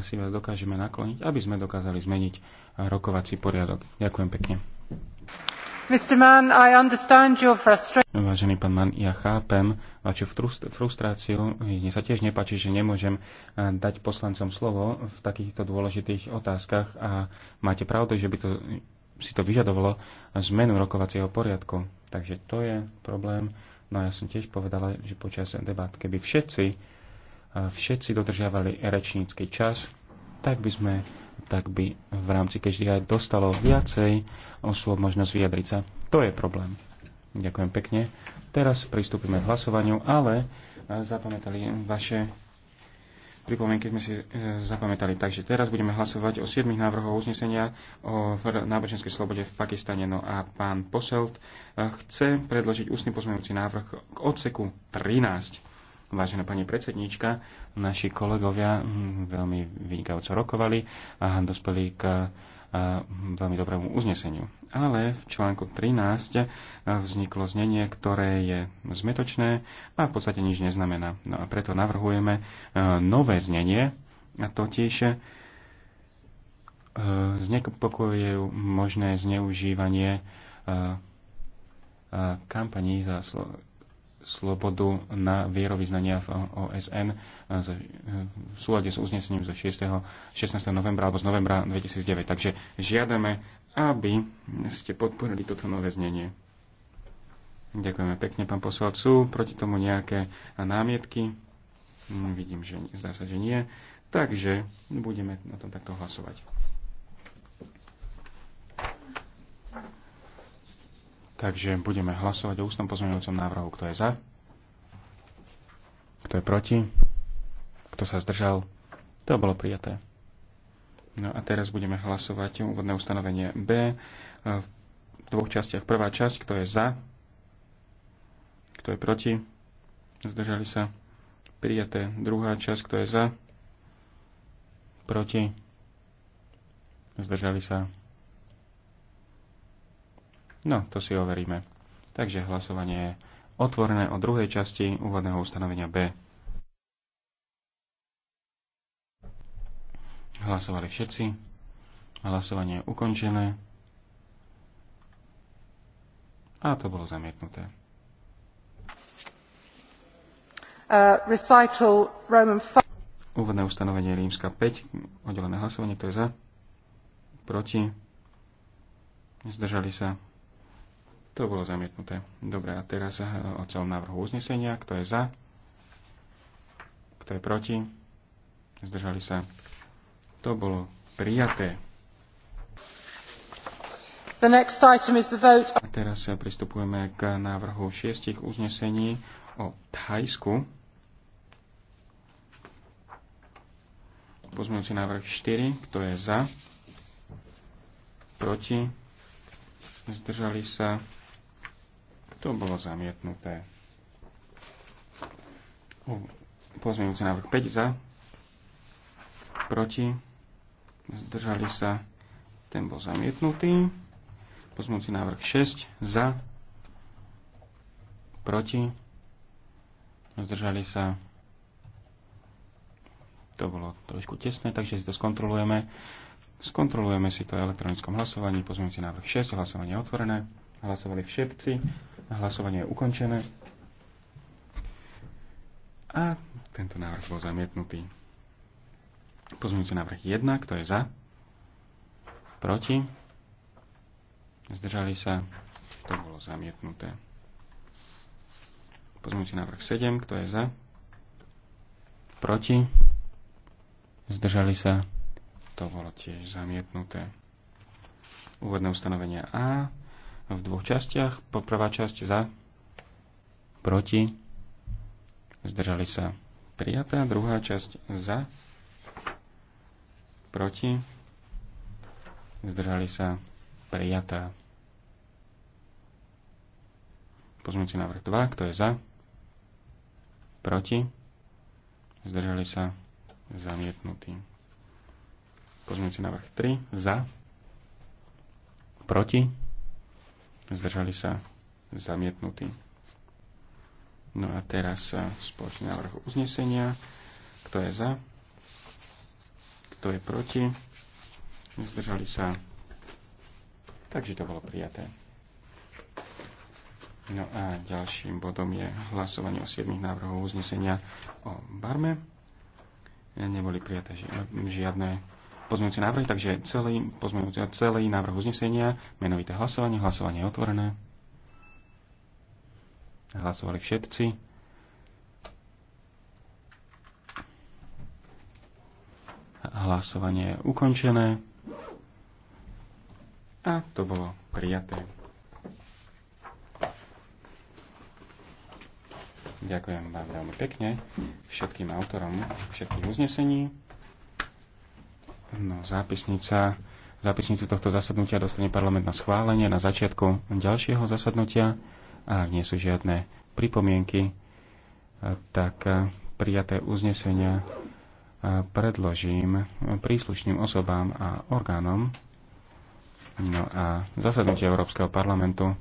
si vás dokážeme nakloniť, aby sme dokázali zmeniť rokovací poriadok. Ďakujem pekne. Mann, Vážený pán Mann, ja chápem vašu frustráciu. Mne sa tiež nepáči, že nemôžem eh, dať poslancom slovo v takýchto dôležitých otázkach a máte pravdu, že by to, si to vyžadovalo zmenu rokovacieho poriadku. Takže to je problém. No a ja som tiež povedala, že počas debát, keby všetci všetci dodržiavali rečnícky čas, tak by sme tak by v rámci každý aj dostalo viacej osôb možnosť vyjadriť sa. To je problém. Ďakujem pekne. Teraz pristúpime k hlasovaniu, ale e, zapamätali vaše pripomienky sme si e, zapamätali. Takže teraz budeme hlasovať o 7 návrhoch uznesenia o náboženskej slobode v Pakistane. No a pán Poselt e, chce predložiť ústny pozmeňujúci návrh k odseku 13. Vážená pani predsednička, naši kolegovia mm, veľmi vynikajúco rokovali a dospeli k veľmi dobrému uzneseniu. Ale v článku 13 vzniklo znenie, ktoré je zmetočné a v podstate nič neznamená. No a preto navrhujeme e, nové znenie, a totiž e, znepokojuje možné zneužívanie e, kampaní za slobodu na vierovýznania v OSN e, e, v súlade s uznesením zo 6. 16. novembra alebo z novembra 2009. Takže žiadame, aby ste podporili toto nové znenie. Ďakujeme pekne, pán posol. Sú proti tomu nejaké námietky? Mm, vidím, že zdá sa, že nie. Takže budeme na tom takto hlasovať. Takže budeme hlasovať o ústnom pozmeňujúcom návrhu. Kto je za? Kto je proti? Kto sa zdržal? To bolo prijaté. No a teraz budeme hlasovať o úvodné ustanovenie B v dvoch častiach. Prvá časť, kto je za, kto je proti, zdržali sa, prijaté. Druhá časť, kto je za, proti, zdržali sa, No, to si overíme. Takže hlasovanie je otvorené o druhej časti úvodného ustanovenia B. Hlasovali všetci. Hlasovanie je ukončené. A to bolo zamietnuté. Uh, recital Roman Úvodné ustanovenie rímska 5, oddelené hlasovanie, to je za? Proti? Zdržali sa? To bolo zamietnuté. Dobre, a teraz eh, o celom návrhu uznesenia. Kto je za? Kto je proti? Zdržali sa. To bolo prijaté. The next item is the vote. A teraz eh, pristupujeme k návrhu šiestich uznesení o Thajsku. Pozmujúci návrh 4. Kto je za? Proti? Zdržali sa. To bolo zamietnuté. Pozmienujúci návrh 5 za, proti, zdržali sa, ten bol zamietnutý. Pozmienujúci návrh 6 za, proti, zdržali sa, to bolo trošku tesné, takže si to skontrolujeme. Skontrolujeme si to elektronickom hlasovaní. Pozmienujúci návrh 6, hlasovanie otvorené. Hlasovali všetci. Hlasovanie je ukončené. A tento návrh bol zamietnutý. Pozmeňujúci návrh 1, kto je za? Proti? Zdržali sa? To bolo zamietnuté. Pozmeňujúci návrh 7, kto je za? Proti? Zdržali sa? To bolo tiež zamietnuté. Úvodné ustanovenie A, v dvoch častiach. Po prvá časť za, proti, zdržali sa prijatá. Druhá časť za, proti, zdržali sa prijatá. Pozmite návrh 2, kto je za, proti, zdržali sa zamietnutí. Pozmite návrh 3, za, proti, zdržali sa zamietnutí. No a teraz eh, spoločný návrh uznesenia. Kto je za? Kto je proti? Zdržali sa. Takže to bolo prijaté. No a ďalším bodom je hlasovanie o 7 návrhov uznesenia o Barme. Neboli prijaté žiadne pozmeňujúce návrhy, takže celý, celý návrh uznesenia, menovité hlasovanie, hlasovanie je otvorené. Hlasovali všetci. Hlasovanie je ukončené. A to bolo prijaté. Ďakujem vám veľmi pekne všetkým autorom všetkých uznesení. No, zápisnica, zápisnicu tohto zasadnutia dostane parlament na schválenie na začiatku ďalšieho zasadnutia a ak nie sú žiadne pripomienky, e, tak e, prijaté uznesenia e, predložím príslušným osobám a orgánom. No a zasadnutie Európskeho parlamentu